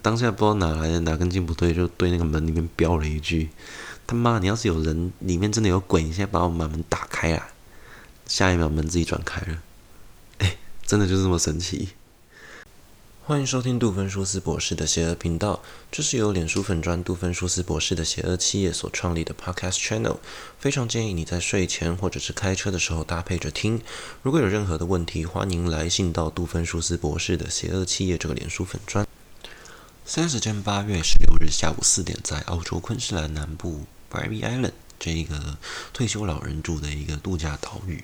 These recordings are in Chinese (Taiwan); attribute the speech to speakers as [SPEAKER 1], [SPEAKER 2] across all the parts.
[SPEAKER 1] 當下不知道哪來的哪根筋不對，就對那個門裡面飆了一句：“他媽！你要是有人裡面真的有鬼，你現在把我們把門打開啊！”下一秒門自己轉開了，哎，真的就是這麼神奇。歡迎收聽杜芬舒斯博士的邪惡頻道，這是由臉書粉專杜芬舒斯博士的邪惡企業所創立的 Podcast Channel，非常建議你在睡前或者是開車的時候搭配着聽。如果有任何的問題，歡迎來信到杜芬舒斯博士的邪惡企業這個臉書粉專。現在時間八月十六日下午四點，在澳洲昆士蘭南部 Bribie Island 這一個退休老人住的一個度假島嶼。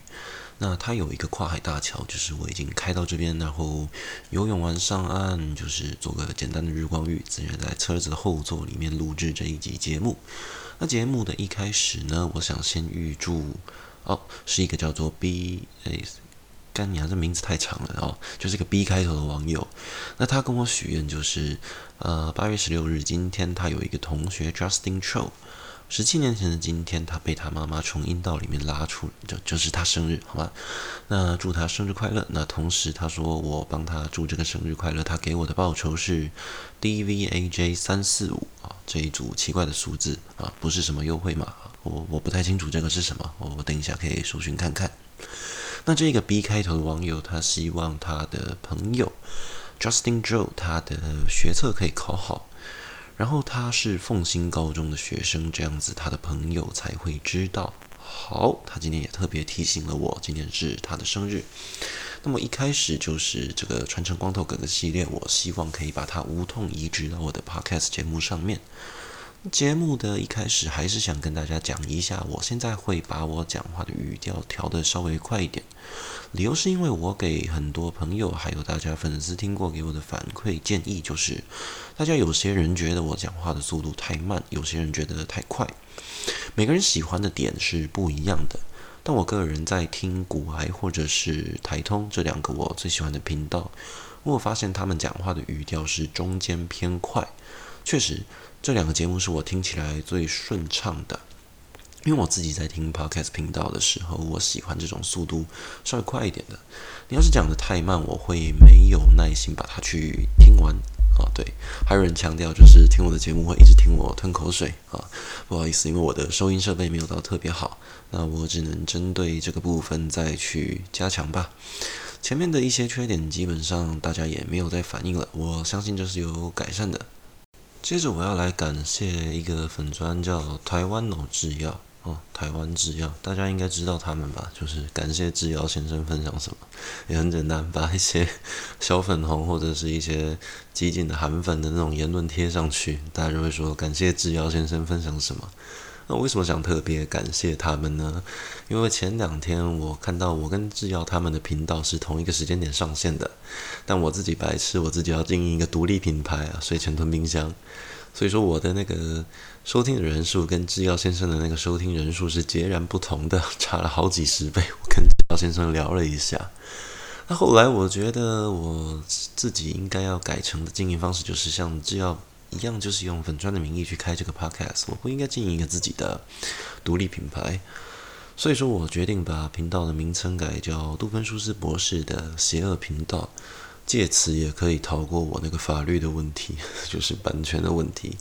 [SPEAKER 1] 那它有一個跨海大橋，就是我已經開到這邊，然後游泳完上岸，就是做個簡單的日光浴，自然在車子的後座裡面錄製這一集節目。那節目的一開始呢，我想先預祝哦，是一個叫做 BAS。幹你啊，這名字太長了哦，就是個 B 開頭的網友。那他跟我許願就是，呃，八月十六日，今天他有一個同學 Justin Cho，十七年前的今天他被他媽媽從陰道裡面拉出，就就是他生日，好吧？那祝他生日快樂。那同時他說我幫他祝這個生日快樂，他給我的報酬是 DVAJ 三四五，哦，啊，這一組奇怪的數字啊，不是什麼優惠碼，我我不太清楚這個是什麼，我我等一下可以搜尋看看。那這個 B 開頭的網友，他希望他的朋友 Justin Joe 他的學測可以考好，然後他是鳳新高中的學生，這樣子他的朋友才會知道。好，他今天也特別提醒了我，今天是他的生日。那麼一開始就是這個傳承光頭哥哥系列，我希望可以把它無痛移植到我的 Podcast 節目上面。節目的一開始，還是想跟大家講一下，我現在會把我講話的語調調得稍微快一點，理由是因為我給很多朋友還有大家粉絲聽過給我的反饋建議，就是大家有些人覺得我講話的速度太慢，有些人覺得太快，每個人喜歡的點是不一樣的。但我個人在聽股癌或者是台通這兩個我最喜歡的頻道，我發現他們講話的語調是中間偏快，確實。這兩個節目是我聽起來最順暢的，因為我自己在聽 podcast 頻道的時候，我喜歡這種速度稍微快一點的。你要是講的太慢，我會沒有耐心把它去聽完啊。對，還有人強調就是聽我的節目會一直聽我吞口水啊，不好意思，因為我的收音設備沒有到特別好，那我只能針對這個部分再去加強吧。前面的一些缺點基本上大家也沒有再反應了，我相信這是有改善的。接着我要來感謝一個粉專，叫台灣腦制藥哦，台灣制藥，大家應該知道他們吧？就是感謝制藥先生分享什麼，也很簡單，把一些小粉紅或者是一些激進的韓粉的那種言論貼上去，大家就會說感謝制藥先生分享什麼。那為什麼想特別感謝他們呢？因為前兩天我看到，我跟志耀他們的頻道是同一個時間點上線的，但我自己白痴，我自己要經營一個獨立品牌啊，所以全吞冰箱。所以說我的那個收聽人數跟志耀先生的那個收聽人數是截然不同的，差了好幾十倍。我跟志耀先生聊了一下，那後來我覺得我自己應該要改成的經營方式就是像志耀，一樣，就是用粉專的名義去開這個 podcast，我不應該經營一個自己的獨立品牌，所以說，我決定把頻道的名稱改叫杜芬舒斯博士的邪惡頻道，借此也可以逃過我那個法律的問題，就是版權的問題。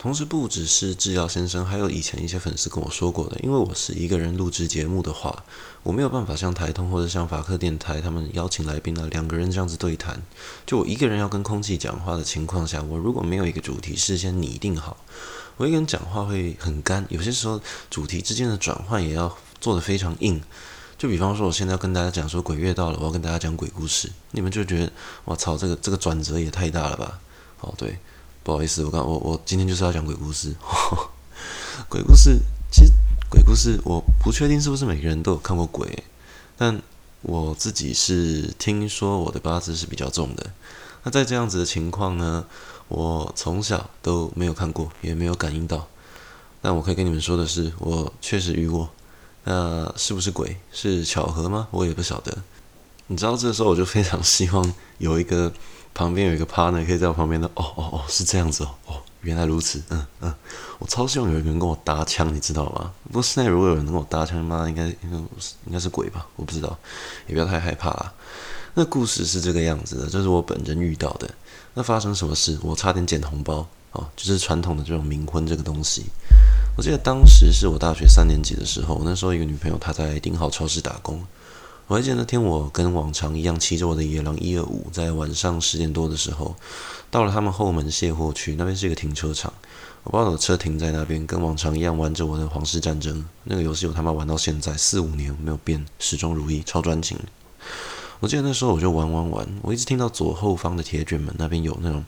[SPEAKER 1] 同時，不只是製藥先生，還有以前一些粉絲跟我說過的。因為我是一個人錄製節目的話，我沒有辦法像台通或者像法客電台他們邀請來賓啊，兩個人這樣子對談。就我一個人要跟空氣講話的情況下，我如果沒有一個主題事先擬定好，我一個人講話會很乾。有些時候，主題之間的轉換也要做得非常硬。就比方說，我現在要跟大家講說鬼月到了，我要跟大家講鬼故事，你們就覺得我操，這個這個轉折也太大了吧？哦，對。不好意思，我剛，剛我我今天就是要講鬼故事。呵呵，鬼故事其實鬼故事我不確定是不是每個人都有看過鬼，但我自己是聽說我的八字是比較重的。那在這樣子的情況呢，我從小都沒有看過，也沒有感應到。但我可以跟你們說的是，我確實遇過。那、呃、是不是鬼？是巧合嗎？我也不曉得。你知道，這個時候我就非常希望有一個。旁邊有一個 partner 可以在我旁邊的，哦哦哦，是這樣子哦。哦，原來如此。嗯嗯，我超希望有一個人跟我搭腔，你知道嗎？不過現在如果有人能跟我搭腔，媽，應該應該是鬼吧？我不知道，也不要太害怕啦。那故事是這個樣子的，就是我本人遇到的。那發生什麼事？我差點撿紅包哦。就是傳統的這種冥婚這個東西。我記得當時是我大學三年級的時候，我那時候一個女朋友她在頂好超市打工。我還記得那天，我跟往常一樣騎着我的野狼一二五，在晚上十點多的時候，到了他們後門卸貨區，那邊是一個停車場。我把我的車停在那邊，跟往常一樣玩着我的《皇室戰爭》那個遊戲，我他媽玩到現在四五年沒有變，始終如一，超專情。我記得那時候我就玩玩玩，我一直聽到左後方的鐵卷門那邊有那種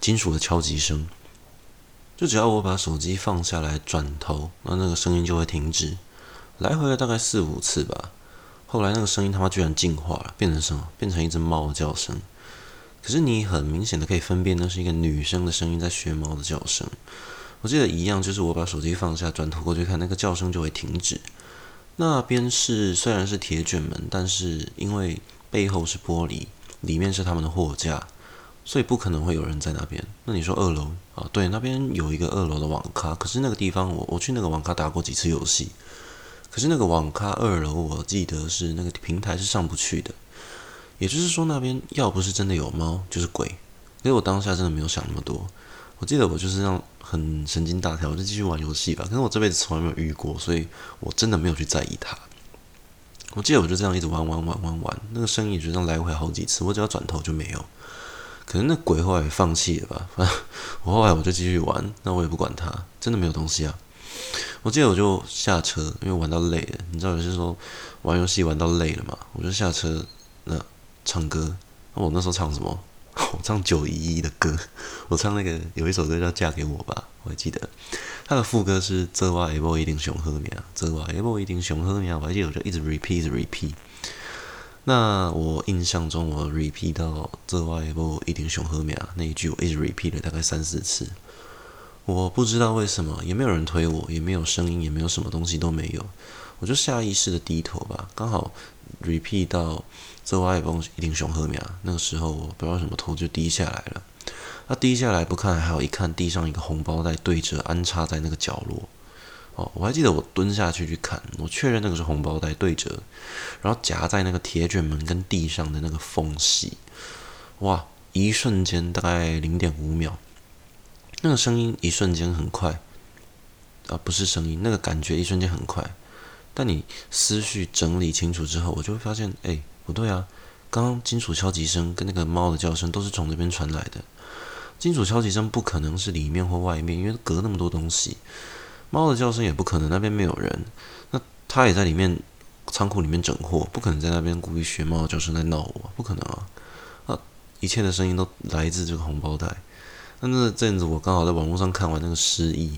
[SPEAKER 1] 金屬的敲擊聲，就只要我把手機放下來轉頭，那那個聲音就會停止，來回了大概四五次吧。後來那個聲音他媽居然進化了，變成什麼？變成一隻貓的叫聲。可是你很明顯的可以分辨，那是一個女生的聲音在學貓的叫聲。我記得一樣，就是我把手機放下，轉頭過去看，那個叫聲就會停止。那邊是雖然是鐵捲門，但是因為背後是玻璃，裡面是他們的貨架，所以不可能會有人在那邊。那你說二樓啊？對，那邊有一個二樓的網咖，可是那個地方我我去那個網咖打過幾次遊戲。可是那個網咖二樓，我記得是那個平台是上不去的，也就是說那邊要不是真的有貓，就是鬼。所以我當下真的沒有想那麼多，我記得我就是這樣很神經大條，我就繼續玩遊戲吧。可是我這輩子從來沒有遇過，所以我真的沒有去在意它。我記得我就這樣一直玩玩玩玩玩，那個聲音也就這樣來回好幾次，我只要轉頭就沒有。可能那鬼後來也放棄了吧？反正我後來我就繼續玩，那我也不管它，真的沒有東西啊。我記得我就下車，因為玩到累了，你知道有些時候玩遊戲玩到累了嘛，我就下車那、呃、唱歌、啊。我那時候唱什麼？我唱九一一的歌，我唱那個有一首歌叫《嫁給我吧》，我還記得。他的副歌是“做我的某一定會好命”，“做我的某一定會好命”，我還記得我就一直 repeat，一直 repeat。那我印象中我 repeat 到“做我的某一定會好命”那一句，我一直 repeat 了大概三四次。我不知道為什麼，也沒有人推我，也沒有聲音，也沒有什麼東西都沒有，我就下意識的低頭吧，剛好 repeat 到坐 iPhone 一定雄赫面，那個時候我不知道什麼頭就低下來了，他、啊、低下來不看還有一看地上一個紅包袋對折，安插在那個角落，哦，我還記得我蹲下去去看，我確認那個是紅包袋對折，然後夾在那個鐵捲門跟地上的那個縫隙，哇，一瞬間大概零點五秒。那個聲音一瞬間很快，啊，不是聲音，那個感覺一瞬間很快。但你思緒整理清楚之後，我就會發現，哎，不對啊，剛剛金屬敲擊聲跟那個貓的叫聲都是從那邊傳來的。金屬敲擊聲不可能是裡面或外面，因為隔那麼多東西。貓的叫聲也不可能那邊沒有人，那他也在裡面倉庫裡面整貨，不可能在那邊故意學貓的叫聲在鬧我，不可能啊。啊，一切的聲音都來自這個紅包袋。但那那陣子，我剛好在網絡上看完那個失憶，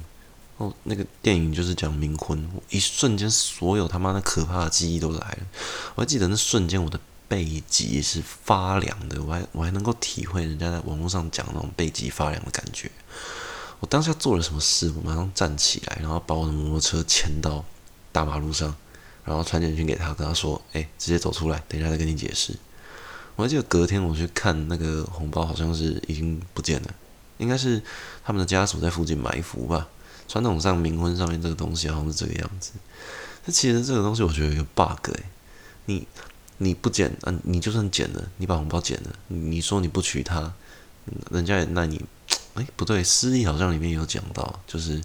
[SPEAKER 1] 哦，那個電影就是講冥婚。一瞬間，所有他媽的可怕的記憶都來了。我還記得那瞬間，我的背脊是發涼的。我還我還能夠體會人家在網絡上講那種背脊發涼的感覺。我當下做了什麼事？我馬上站起來，然後把我的摩托車牽到大馬路上，然後傳簡訊給他，跟他說：“誒、欸，直接走出來，等一下再跟你解釋。”我還記得隔天我去看那個紅包，好像是已經不見了。應該是他們的家屬在附近埋伏吧。傳統上冥婚上面這個東西好像是這個樣子。那其實這個東西我覺得有個 bug 哎、欸，你你不撿啊，你就算撿了，你把紅包撿了你，你說你不娶她，人家也，那你，哎、欸、不對，屍憶好像裡面有講到，就是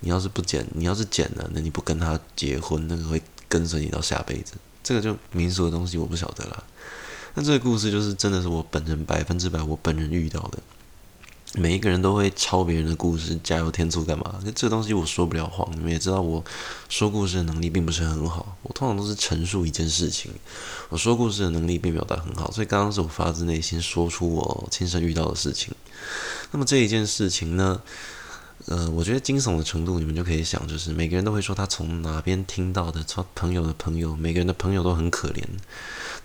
[SPEAKER 1] 你要是不撿，你要是撿了，那你不跟他結婚，那個會跟隨你到下輩子。這個就民俗的東西我不曉得啦。那這個故事就是真的是我本人百分之百我本人遇到的。每一個人都會抄別人的故事，加油添醋幹嘛？這東西我說不了謊，你們也知道，我說故事的能力並不是很好。我通常都是陳述一件事情，我說故事的能力並沒有很好，所以剛剛是我發自內心說出我親身遇到的事情。那麼這一件事情呢？呃，我覺得驚悚的程度，你們就可以想，就是每個人都會說他從哪邊聽到的，他朋友的朋友，每個人的朋友都很可憐。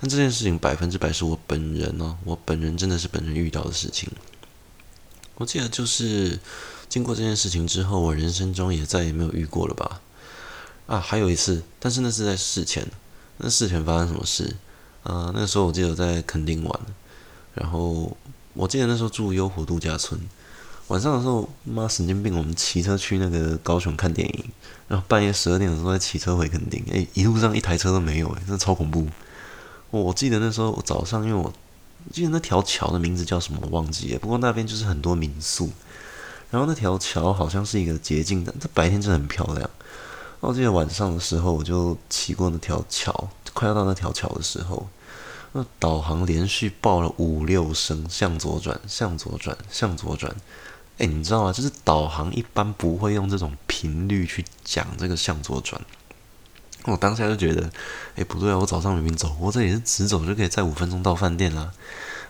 [SPEAKER 1] 但這件事情百分之百是我本人哦，我本人真的是本人遇到的事情。我記得就是經過這件事情之後，我人生中也再也沒有遇過了吧。啊，還有一次，但是那是在事前。那事前發生什麼事？啊、呃，那時候我記得我在墾丁玩，然後我記得那時候住悠活度假村。晚上的時候，媽神經病！我們騎車去那個高雄看電影，然後半夜十二點的時候再騎車回墾丁。哎、欸，一路上一台車都沒有、欸，哎，真的超恐怖。我記得那時候我早上，因為我。我記得那條橋的名字叫什麼，我忘記了。不過那邊就是很多民宿，然後那條橋好像是一個捷徑的，它白天真的很漂亮。然後我記得晚上的時候，我就騎過那條橋，快要到那條橋的時候，那導航連續報了五六聲“向左轉，向左轉，向左轉”。哎，你知道嗎、啊？就是導航一般不會用這種頻率去講這個“向左轉”。我當下就覺得，哎、欸，不對啊！我早上明明走我這裡，是直走就可以在五分鐘到飯店啦。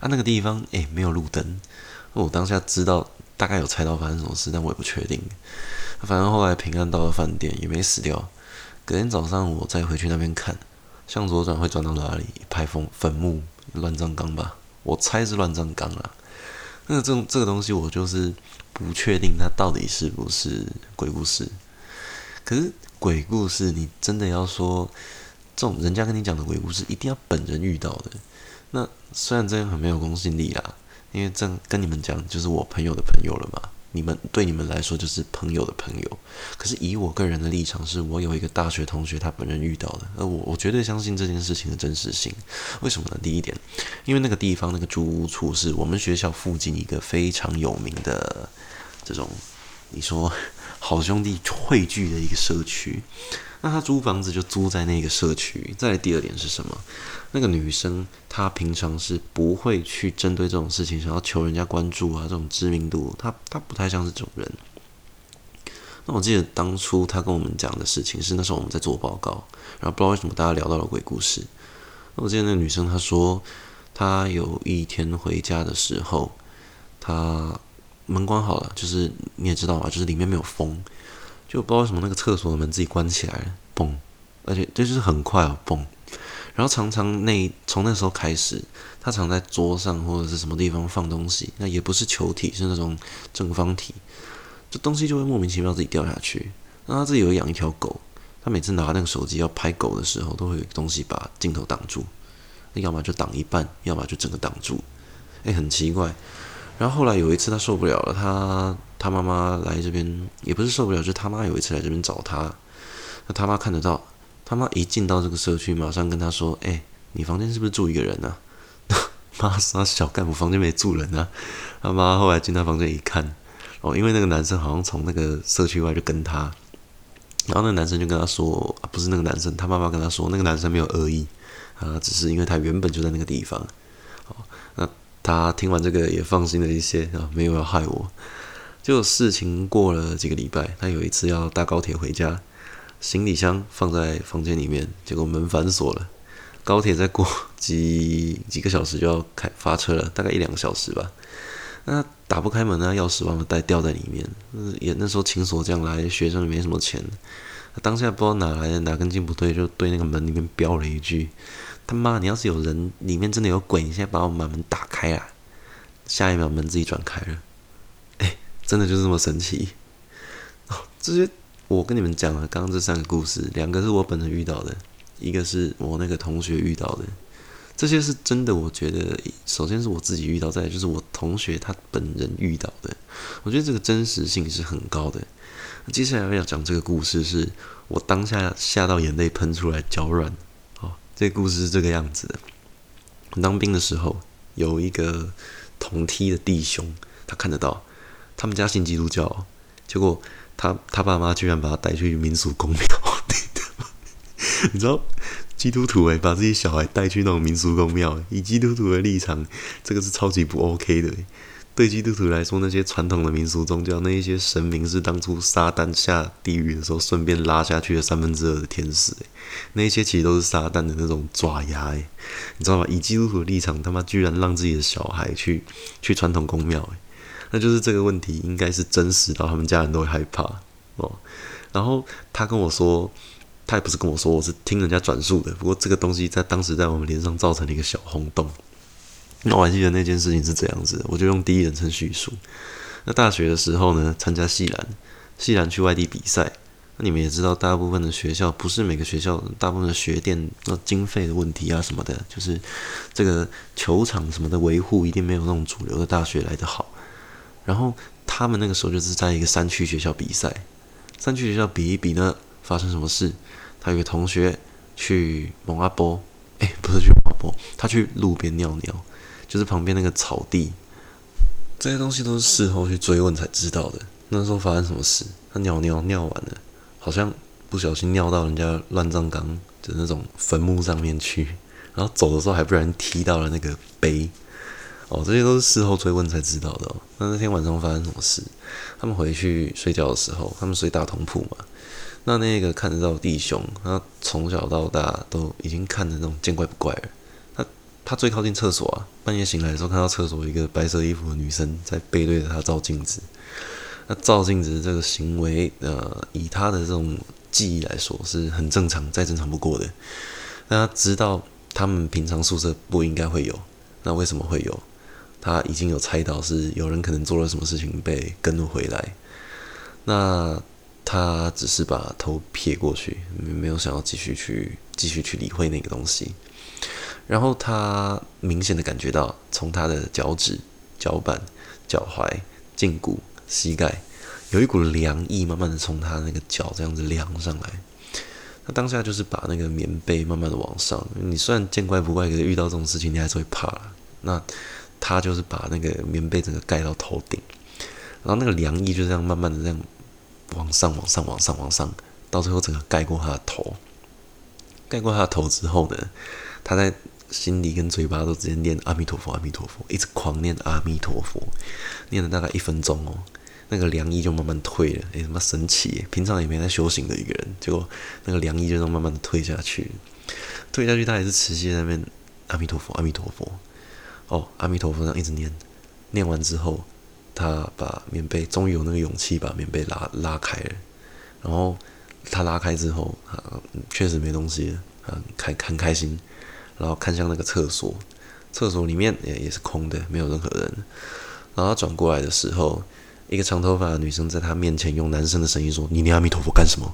[SPEAKER 1] 啊，那個地方哎、欸，沒有路燈。我當下知道大概有猜到發生什麼事，但我也不確定。反正後來平安到了飯店，也沒死掉。隔天早上我再回去那邊看，向左轉會轉到哪裡？拍風，墳墓、亂葬崗吧？我猜是亂葬崗啦。那個、這種這個東西，我就是不確定它到底是不是鬼故事。可是鬼故事，你真的要說這種人家跟你講的鬼故事，一定要本人遇到的。那雖然這樣很沒有公信力啦，因為這跟你們講就是我朋友的朋友了嘛。你們，對你們來說就是朋友的朋友。可是以我個人的立場，是我有一個大學同學，他本人遇到的，而我我絕對相信這件事情的真實性。為什麼呢？第一點，因為那個地方那個租屋處是我們學校附近一個非常有名的這種，你說。好兄弟匯聚的一個社區，那他租房子就租在那個社區。再來第二點是什麼？那個女生她平常是不會去針對這種事情，想要求人家關注啊，這種知名度，她她不太像這種人。那我記得當初她跟我們講的事情是，那時候我們在做報告，然後不知道為什麼大家聊到了鬼故事。那我記得那個女生她說，她有一天回家的時候，她。門關好了，就是你也知道吧，就是裡面沒有風，就不知道為什麼那個廁所的門自己關起來了，嘣，而且這就是很快啊，哦，嘣。然後常常那從那時候開始，他常在桌上或者是什麼地方放東西，那也不是球體，是那種正方體，這東西就會莫名其妙自己掉下去。那他自己有養一條狗，他每次拿那個手機要拍狗的時候，都會有個東西把鏡頭擋住，那要麼就擋一半，要麼就整個擋住，誒，很奇怪。然後後來有一次他受不了了，他他媽媽來這邊也不是受不了，就是他媽有一次來這邊找他，那他媽看得到，他媽一進到這個社區馬上跟他說：“哎、欸，你房間是不是住一個人呢、啊？” 媽小幹部房間沒住人啊！他媽後來進他房間一看，哦，因為那個男生好像從那個社區外就跟他，然後那個男生就跟他說、啊：“不是那個男生，他媽媽跟他說，那個男生沒有惡意，啊，只是因為他原本就在那個地方。”哦，那他聽完這個也放心了一些啊，沒有要害我。就事情過了幾個禮拜，他有一次要搭高鐵回家，行李箱放在房間裡面，結果門反鎖了。高鐵再過幾幾個小時就要開，發車了，大概一兩個小時吧。那打不開門啊，他鑰匙忘了帶，掉在裡面。也那時候請鎖匠來，學生也沒什麼錢，他當下不知道哪來的哪根筋不對，就對那個門裡面飆了一句。他媽！你要是有人裡面真的有鬼，你現在把我們把門打開啊！下一秒門自己轉開了，哎，真的就是這麼神奇。哦、這些我跟你們講了，剛剛這三個故事，兩個是我本人遇到的，一個是我那個同學遇到的。這些是真的，我覺得首先是我自己遇到，再就是我同學他本人遇到的，我覺得這個真實性是很高的。接下來要講這個故事是，是我當下嚇到眼淚噴出來，腳軟。這個故事是這個樣子的：當兵的時候，有一個同梯的弟兄，他看得到，他們家信基督教，結果他他爸媽居然把他帶去民俗宮廟。 你知道基督徒哎，把自己小孩帶去那種民俗宮廟，以基督徒的立場，這個是超級不 OK 的。對基督徒來說，那些傳統的民俗宗教，那一些神明是當初撒旦下地獄的時候，順便拉下去的三分之二的天使，欸，那一些其實都是撒旦的那種爪牙，欸，你知道嗎？以基督徒的立場，他媽居然讓自己的小孩去去傳統宮廟，欸，那就是這個問題應該是真實到他們家人都會害怕哦。然後他跟我說，他也不是跟我說，我是聽人家轉述的。不過這個東西在當時在我們連上造成了一個小轟動。那我還記得那件事情是這樣子的，我就用第一人稱敘述。那大學的時候呢，參加系籃，系籃去外地比賽。那你們也知道，大部分的學校不是每個學校，大部分的學店那經費的問題啊什麼的，就是這個球場什麼的維護一定沒有那種主流的大學來得好。然後他們那個時候就是在一個山區學校比賽，山區學校比一比呢，發生什麼事？他有個同學去蒙阿波，哎、欸，不是去蒙阿波，他去路邊尿尿。就是旁邊那個草地，這些東西都是事後去追問才知道的。那時候發生什麼事？他尿尿尿完了，好像不小心尿到人家亂葬崗的那種墳墓上面去，然後走的時候還被人踢到了那個碑。哦，這些都是事後追問才知道的哦。那那天晚上發生什麼事？他們回去睡覺的時候，他們睡大通鋪嘛。那那個看得到的弟兄，他從小到大都已經看得那種見怪不怪了。他最靠近廁所啊，半夜醒來的時候看到廁所一個白色衣服的女生在背對着他照鏡子。那照鏡子這個行為，呃，以他的這種記憶來說是很正常，再正常不過的。那他知道他們平常宿舍不應該會有，那為什麼會有？他已經有猜到是有人可能做了什麼事情被跟了回來。那他只是把頭撇過去，沒沒有想要繼續去繼續去理會那個東西。然後他明顯的感覺到，從他的腳趾、腳板、腳踝、脛骨、膝蓋，有一股涼意慢慢地從他那個腳這樣子涼上來。他當下就是把那個棉被慢慢地往上。你雖然見怪不怪，可是遇到這種事情，你還是會怕。那他就是把那個棉被整個蓋到頭頂，然後那個涼意就這樣慢慢地這樣往上、往上、往上、往上，到最後整個蓋過他的頭。蓋過他的頭之後呢，他在。心裡跟嘴巴都直接念阿彌陀佛，阿彌陀佛，一直狂念阿彌陀佛，念了大概一分鐘哦，那個涼意就慢慢退了。也他媽神奇！平常也沒在修行的一個人，結果那個涼意就這麼慢慢的退下去，退下去，他還是持續在那邊。阿彌陀佛，阿彌陀佛，哦，阿彌陀佛，這樣一直念，念完之後，他把棉被終於有那個勇氣把棉被拉拉開了，然後他拉開之後，確實沒東西了，很開很開心。然後看向那個廁所，廁所裡面也也是空的，沒有任何人。然後他轉過來的時候，一個長頭髮的女生在他面前用男生的聲音說：“你念阿彌陀佛幹什麼？”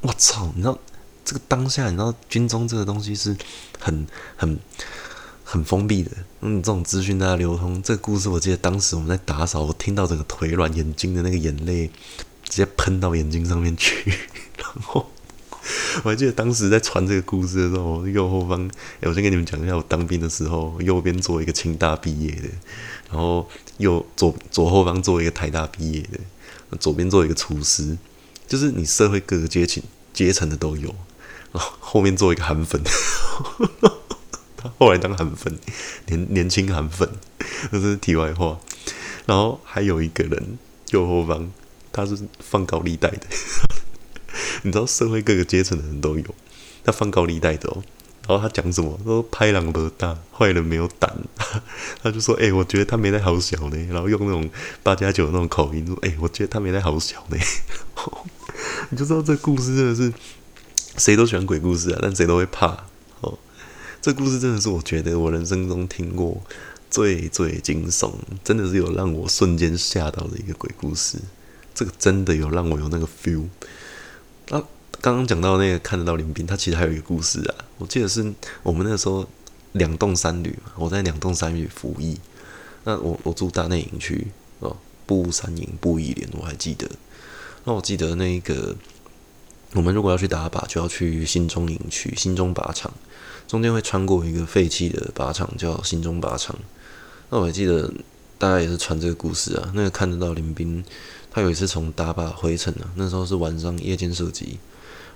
[SPEAKER 1] 我操！你知道這個當下，你知道軍中這個東西是很很很封閉的。嗯，這種資訊在啊流通，這個故事我記得當時我們在打掃，我聽到整個腿軟，眼睛的那個眼淚直接噴到眼睛上面去，然後。我還記得當時在傳這個故事的時候，右後方，欸、我先跟你們講一下，我當兵的時候，右邊做一個清大畢業的，然後右左左後方做一個台大畢業的，左邊做一個廚師，就是你社會各個階層階層的都有，然後，後面做一個韓粉，呵呵他後來當韓粉，年年輕韓粉，就是題外話，然後還有一個人右後方，他是放高利貸的。你知道社會各個階層的人都有，他放高利貸的哦。然後他講什麼，說“拍狼的大，壞人沒有膽”呵呵。他就說：“哎、欸，我覺得他沒在好小呢。”然後用那種八加九那種口音誒哎、欸，我覺得他沒在好小呢。呵呵”你就知道，這個故事真的是誰都喜歡鬼故事啊，但誰都會怕哦。這故事真的是我覺得我人生中聽過最最驚悚，真的是有讓我瞬間嚇到的一個鬼故事。這個真的有讓我有那個 feel。那、啊、剛剛講到那個看得到林兵，他其實還有一個故事啊。我記得是，我們那個時候兩棟三旅，嘛，我在兩棟三旅服役。那我我住大內營區哦，步三營步一連，我還記得。那我記得那一個，我們如果要去打靶，就要去新中營區，新中靶場。中間會穿過一個廢棄的靶場，叫新中靶場。那我還記得大家也是傳這個故事啊。那個看得到林兵。他有一次從打靶回程了，啊，那時候是晚上夜間射擊，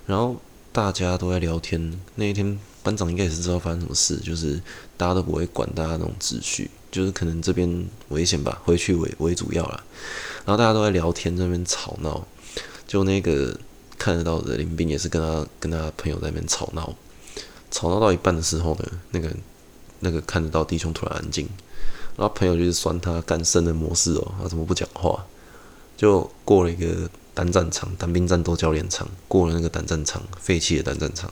[SPEAKER 1] 然後大家都在聊天。那一天班長應該也是知道發生什麼事，就是大家都不會管大家那種秩序，就是可能這邊危險吧，回去為為主要了。然後大家都在聊天，在那邊吵鬧，就那個看得到的林斌也是跟他跟他朋友在那邊吵鬧，吵鬧到一半的時候呢，那個那個看得到弟兄突然安靜，然後朋友就是酸他干生的模式哦，喔，他怎麼不講話？就過了一個單戰場、單兵戰鬥教練場，過了那個單戰場，廢棄的單戰場。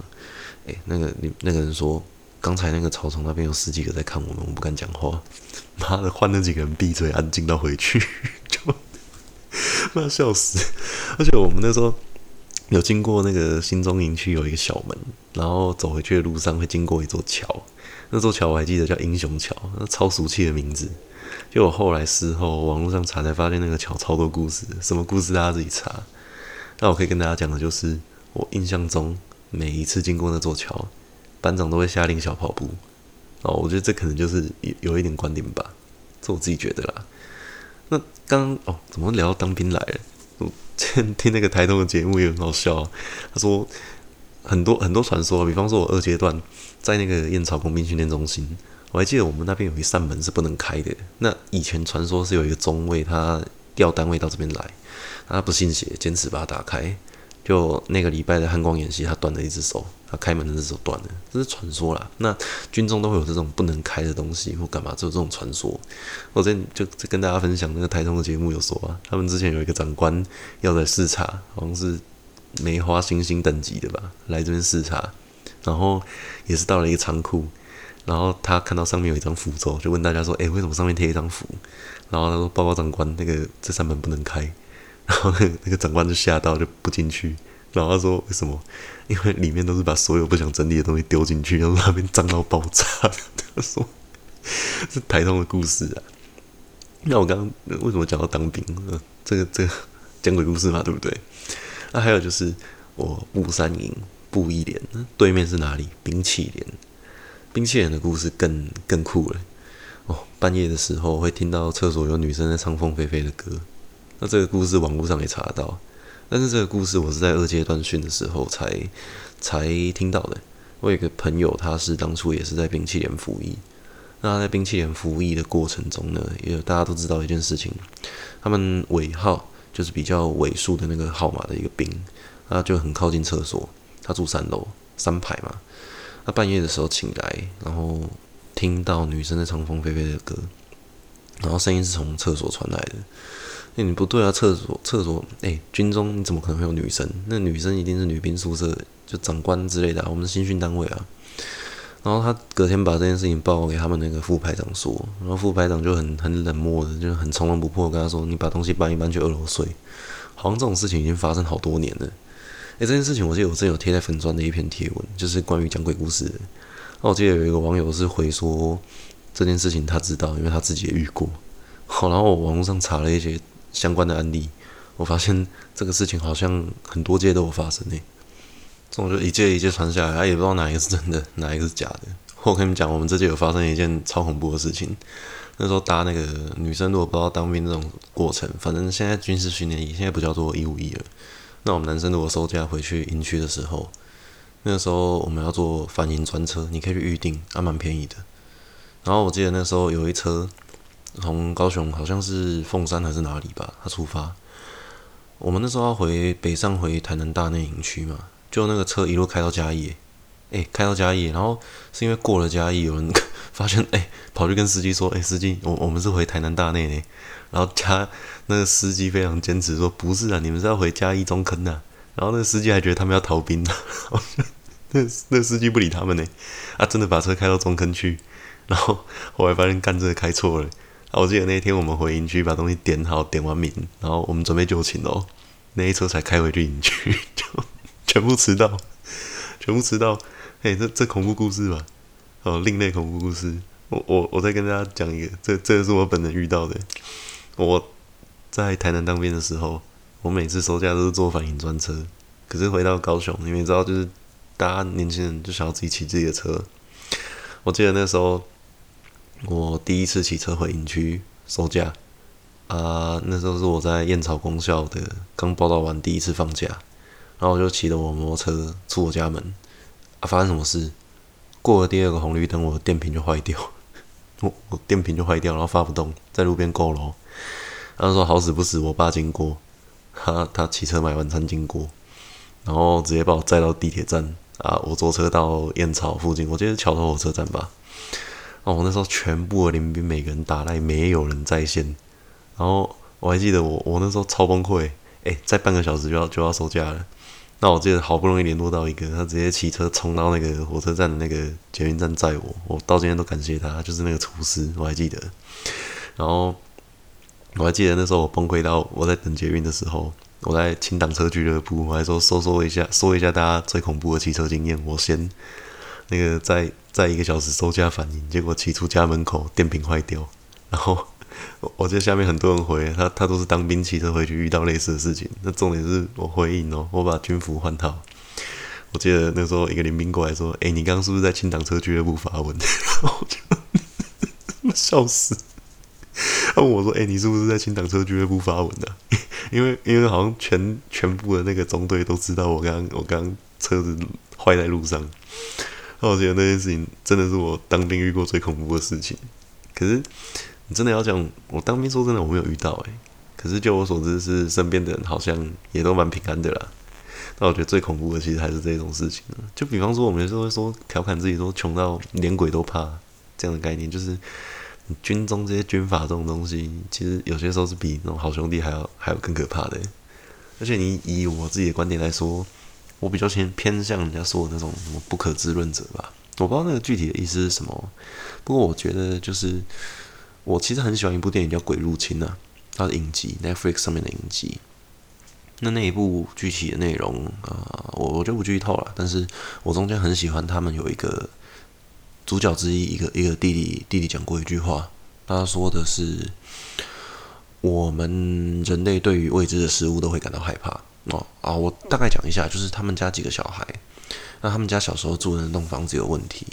[SPEAKER 1] 誒、欸，那個你那個人說，剛才那個草叢那邊有十幾個在看我們，我們不敢講話。媽的，換了幾個人閉嘴，安靜到回去，就媽笑死。而且我們那時候有經過那個新中營區有一個小門，然後走回去的路上會經過一座橋，那座橋我還記得叫英雄橋，那超俗氣的名字。就我後來事後網絡上查才發現那個橋超多故事，什麼故事大家自己查。那我可以跟大家講的就是，我印象中每一次經過那座橋，班長都會下令小跑步。哦，我覺得這可能就是有有一點觀點吧，這我自己覺得啦。那剛剛哦，怎麼聊到當兵來了？我今天聽那個台東的節目也很好笑啊，他說很多很多傳說，比方說我二階段在那個燕巢工兵訓練中心。我還記得我們那邊有一扇門是不能開的。那以前傳說是有一個中尉，他調單位到這邊來，他不信邪，堅持把它打開。就那個禮拜的漢光演習，他斷了一隻手，他開門那隻手斷了，這是傳說啦。那軍中都會有這種不能開的東西，或幹嘛，就這種傳說。我這就，就跟大家分享那個台中的節目，有說啊，他們之前有一個長官要來視察，好像是梅花星星等級的吧，來這邊視察，然後也是到了一個倉庫。然後他看到上面有一張符咒，就問大家說：“哎，為什麼上面貼一張符？”然後他說：“報告長官，那個這扇門不能開。”然後、那個、那個長官就嚇到，就不進去。然後他說：“為什麼？因為裡面都是把所有不想整理的東西丟進去，然後那邊髒到爆炸的。”他說：“是台通的故事啊。”那我剛剛為什麼講到當兵？這個這個講鬼故事嘛，對不對？那、啊、還有就是我步三營步一連，對面是哪裡？兵器連。冰淇淋的故事更更酷了！哦，半夜的時候會聽到廁所有女生在唱鳳飛飛的歌。那這個故事網絡上也查到，但是這個故事我是在二階段訓的時候才才聽到的。我有個朋友，他是當初也是在冰淇淋服役，那他在冰淇淋服役的過程中呢，也有大家都知道一件事情，他們尾號就是比較尾數的那個號碼的一個兵，他就很靠近廁所，他住三樓三排嘛。他半夜的時候醒來，然後聽到女生在唱《鳳飛飛》的歌，然後聲音是從廁所傳來的。哎、欸，你不對啊，廁所，廁所！哎，軍中你怎麼可能會有女生？那女生一定是女兵宿舍，就長官之類的、啊、我們是新訓單位啊。然後他隔天把這件事情報告給他們那個副排長說，然後副排長就很很冷漠的，就很從容不迫的跟他說：“你把東西搬一搬去二樓睡。”好像這種事情已經發生好多年了。哎，這件事情我記得我是有貼在粉專的一篇貼文，就是關於講鬼故事的。那我記得有一個網友是回說這件事情他知道，因為他自己也遇過。好、哦，然後我網絡上查了一些相關的案例，我發現這個事情好像很多屆都有發生誒。這種就一屆一屆傳下來，哎、啊，也不知道哪一個是真的，哪一個是假的。我跟你們講，我們這屆有發生一件超恐怖的事情。那時候搭那個女生，如果不知道當兵那種過程，反正現在軍事訓練也現在不叫做一五一了。那我們男生如果收假回去營區的時候，那個時候我們要坐返營專車，你可以去預定，還、啊、蠻便宜的。然後我記得那時候有一車從高雄，好像是鳳山還是哪裡吧，他出發。我們那時候要回北上回台南大內營區嘛，就那個車一路開到嘉義，誒，開到嘉義，然後是因為過了嘉義，有人 發現誒，跑去跟司機說，誒，司機，我我們是回台南大內的，然後加。那個司機非常堅持說：“不是啊，你們是要回家一中坑的、啊。”然後那個司機還覺得他們要逃兵呢、啊。 那那司機不理他們呢，啊，真的把車開到中坑去。然後後來發現幹，這個開錯了。然後我記得那一天我們回營區，把東西點好，點完名，然後我們準備就寢咯。那一車才開回去營區，就全部遲到，全部遲到。哎、欸，這這恐怖故事吧？哦，另類恐怖故事。我我我再跟大家講一個，這這是我本人遇到的。我。在台南當兵的時候，我每次收假都是坐返營專車。可是回到高雄，你們知道，就是大家年輕人就想要自己騎自己的車。我記得那時候，我第一次騎車回營區收假，啊、呃，那時候是我在燕巢公校的，剛報到完第一次放假，然後我就騎着我摩托車出我家門，啊，發生什麼事？過了第二個紅綠燈，我的電瓶就壞掉，我我電瓶就壞掉，然後發不動，在路邊顧路。他說：“好死不死，我爸經過，啊、他他騎車買晚餐經過，然後直接把我載到地鐵站啊！我坐車到燕巢附近，我記得橋頭火車站吧？哦、啊，我那時候全部的民兵，每個人打來沒有人在線。然後我還記得我我那時候超崩潰，誒、欸，再半個小時就要就要收假了。那我記得好不容易聯絡到一個，他直接騎車衝到那個火車站的那個捷運站載我，我到今天都感謝他，就是那個廚師，我還記得。然後。”我還記得那時候我崩潰到我在等捷運的時候，我在輕檔車俱樂部，我還說搜搜一下說一下大家最恐怖的騎車經驗。我先那個在在一個小時收假返營，結果騎出家門口電瓶壞掉。然後我記得下面很多人回他，他都是當兵騎車回去遇到類似的事情。那重點是我回應哦、喔，我把軍服換套。我記得那個時候一個林兵過來說，哎、欸，你剛剛是不是在輕檔車俱樂部發文？然後我就笑死。那我說，誒、欸,你是不是在新擋車俱樂部發文的，啊？因為因為好像全全部的那個中隊都知道我剛我剛車子壞在路上。那我覺得那件事情真的是我當兵遇過最恐怖的事情。可是你真的要講，我當兵說真的我沒有遇到誒、欸，可是就我所知,是身邊的人好像也都蠻平安的啦。那我覺得最恐怖的其實還是這種事情。就比方說，我們就會說調侃自己說窮到連鬼都怕這樣的概念，就是。軍中這些軍閥這種東西，其實有些時候是比那種好兄弟還要還有更可怕的。而且你以我自己的觀點來說，我比較偏偏向人家說的那種什麼不可自論者吧。我不知道那個具體的意思是什麼，不過我覺得就是我其實很喜歡一部電影叫《鬼入侵》啊，它的影集 Netflix 上面的影集。那那一部具體的內容啊、呃，我就不劇透了。但是我中間很喜歡他們有一個。主角之一一個一個弟弟弟弟講過一句話，他說的是：我們人類對於未知的事物都會感到害怕。哦啊，我大概講一下，就是他們家幾個小孩，那他們家小時候住的那棟房子有問題，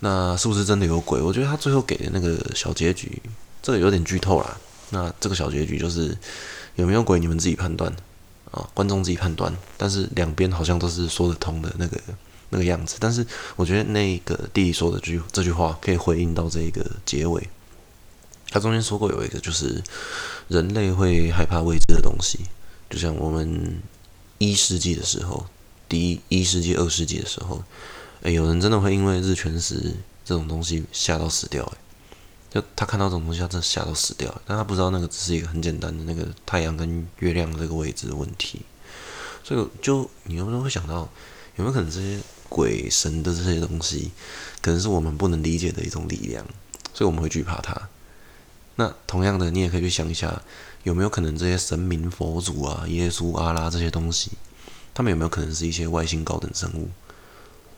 [SPEAKER 1] 那是不是真的有鬼？我覺得他最後給的那個小結局，這個有點劇透啦。那這個小結局就是有沒有鬼，你們自己判斷啊，觀眾自己判斷。但是兩邊好像都是說得通的那個。那個樣子，但是我覺得那個弟弟說的這句這句話可以回應到這個結尾。他中間說過有一個就是人類會害怕未知的東西，就像我們一世紀的時候，第一一世紀、二世紀的時候，哎，有人真的會因為日全食這種東西嚇到死掉。哎，就他看到這種東西，他真的嚇到死掉，但他不知道那個只是一個很簡單的那個太陽跟月亮這個位置的問題。所以，就你有時候會想到。有沒有可能這些鬼神的這些東西，可能是我們不能理解的一種力量，所以我們會懼怕它。那同樣的，你也可以去想一下，有沒有可能這些神明、佛祖啊、耶穌、阿拉這些東西，他們有沒有可能是一些外星高等生物？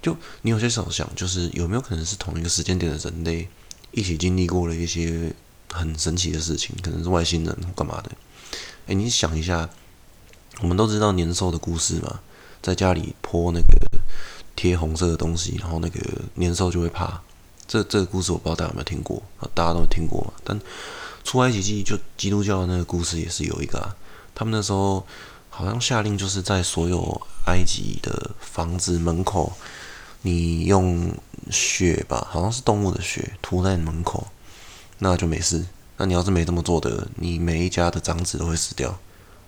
[SPEAKER 1] 就你有些時候想，就是有沒有可能是同一個時間點的人類一起經歷過了一些很神奇的事情，可能是外星人或幹嘛的？哎，你想一下，我們都知道年獸的故事嘛？在家裡潑那個貼紅色的東西，然後那個年獸就會怕。這這個故事我不知道大家有沒有聽過，大家都聽過嘛？但出埃及記就基督教的那個故事也是有一個啊。他們那時候好像下令，就是在所有埃及的房子門口，你用血吧，好像是動物的血塗在門口，那就沒事。那你要是沒這麼做的，你每一家的長子都會死掉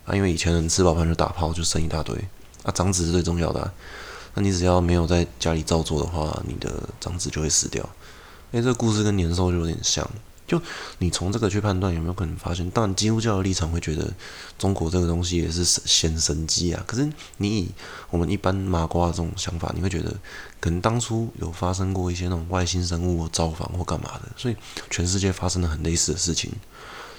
[SPEAKER 1] 啊！因為以前人吃飽飯就打炮，就生一大堆。啊，長子是最重要的、啊。那你只要沒有在家裡照做的話，你的長子就會死掉。誒、欸、這個故事跟年獸就有點像，就你從這個去判斷有沒有可能發生。當然，基督教的立場會覺得中國這個東西也是顯神蹟啊。可是你以我們一般麻瓜的這種想法，你會覺得可能當初有發生過一些那種外星生物造訪或幹嘛的，所以全世界發生了很類似的事情，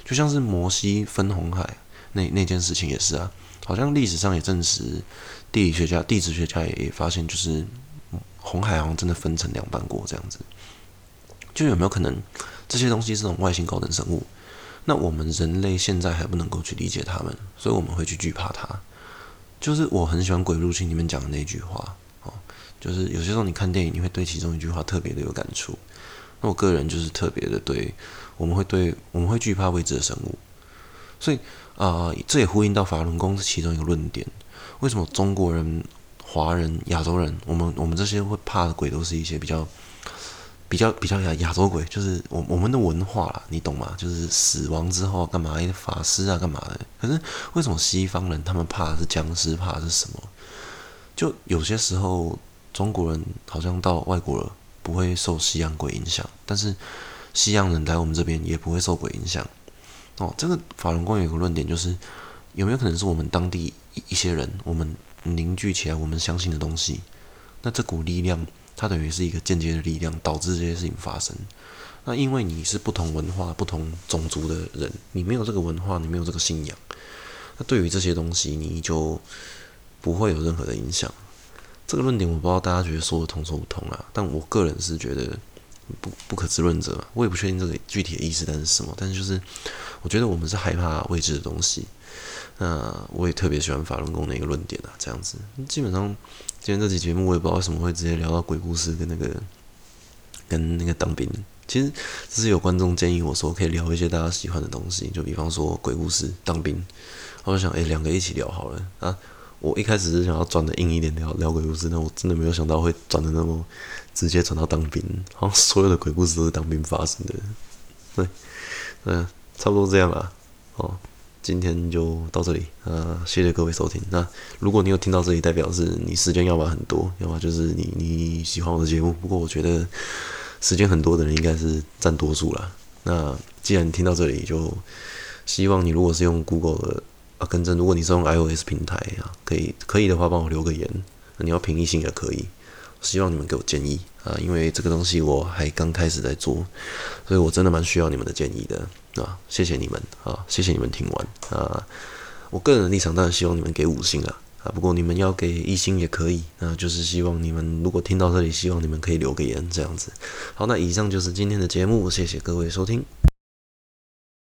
[SPEAKER 1] 就像是摩西分紅海那那件事情也是啊。好像歷史上也證實，地理學家、地質學家也發現，就是紅海好像真的分成兩半過這樣子。就有沒有可能這些東西是這種外星高等生物？那我們人類現在還不能夠去理解它們，所以我們會去懼怕它。就是我很喜歡《鬼入侵》裡面講的那一句話，就是有些時候你看電影，你會對其中一句話特別的有感觸。那我個人就是特別的對，我們會對我們會懼怕未知的生物。所以，啊、呃，這也呼應到法輪功是其中一個論點。為什麼中國人、華人、亞洲人，我們我們這些會怕的鬼，都是一些比較、比較、比較亞亞洲鬼，就是我我們的文化啦，你懂嗎？就是死亡之後幹嘛，法師啊幹嘛的。可是為什麼西方人他們怕的是殭屍，怕的是什麼？就有些時候中國人好像到外國了，不會受西洋鬼影響，但是西洋人來我們這邊也不會受鬼影響。哦，這個法輪功有一個論點就是，有沒有可能是我們當地一一些人，我們凝聚起來，我們相信的東西，那這股力量，它等於是一個間接的力量，導致這些事情發生。那因為你是不同文化、不同種族的人，你沒有這個文化，你沒有這個信仰，那對於這些東西，你就不會有任何的影響。這個論點，我不知道大家覺得說得通說不通啊，但我個人是覺得。不不可知論者嘛，我也不確定這個具體的意思，但是什麼？但是就是，我覺得我們是害怕未知的東西。那我也特別喜歡法輪功的一個論點啊，這樣子。基本上今天這期節目，我也不知道為什麼會直接聊到鬼故事跟那個跟那個當兵。其實這是有觀眾建議我說，可以聊一些大家喜歡的東西，就比方說鬼故事、當兵。我想，誒、欸，兩個一起聊好了啊。我一開始是想要轉的硬一點，聊聊鬼故事。那我真的沒有想到會轉的那麼直接，轉到當兵。好像所有的鬼故事都是當兵發生的。對，嗯，差不多這樣啦。好，今天就到這裡。呃，謝謝各位收聽。那如果你有聽到這裡，代表是你時間要麼很多，要麼就是你你喜歡我的節目。不過我覺得時間很多的人應該是佔多數啦。那既然聽到這裡，就希望你如果是用 Google 的。啊，跟著如果你是用 iOS 平台啊，可以，可以的話幫我留個言，你要評一星也可以，我希望你們給我建議啊，因為這個東西我還剛開始在做，所以我真的蠻需要你們的建議的啊，謝謝你們啊，謝謝你們聽完啊，我個人的立場當然希望你們給五星啊啊，不過你們要給一星也可以啊，就是希望你們如果聽到這裡，希望你們可以留個言這樣子。好，那以上就是今天的節目，謝謝各位收聽。